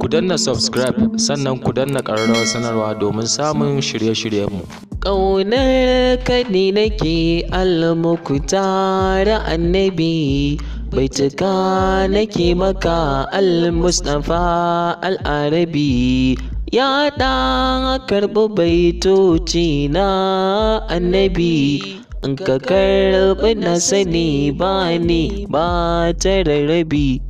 Ku danna subscribe sannan ku danna ƙararrawar sanarwa domin samun shirye-shiryenmu. Ƙaunar kaɗi nake almukutara annabi bai cika nake maka almustafa al'arabi ya ɗa karɓi baitoci na annabi in ka karɓi na sani ba ni ba tararrabi.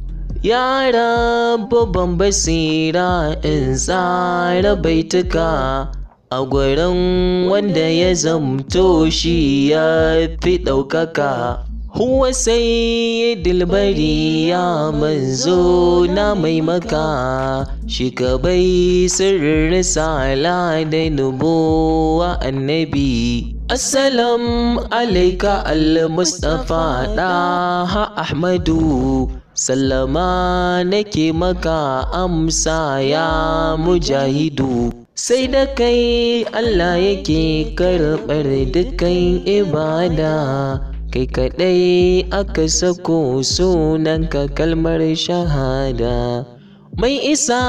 ya rabu ban basira in tsara baituka a gurin wanda ya zamto shi ya fi ɗaukaka huwa sai dilbari ya manzo na maimaka shi ka bai sirrin risala da nubuwa annabi assalam alaika al-mustafa ɗaha ahmadu sallama nake maka amsa ya mujahidu sai da kai Allah yake karɓar dukkan ibada kai kaɗai aka sako sunanka kalmar shahada mai isa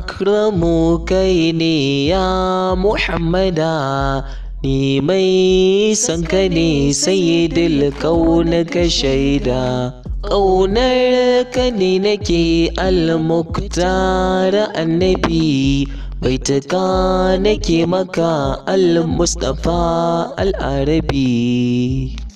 akramu kai ne ya muhammada ni mai san ka ne sayyidil kauna ka shaida ƙaunar ka ne nake al-muktar annabi taka nake maka al Mustapha, al-arabi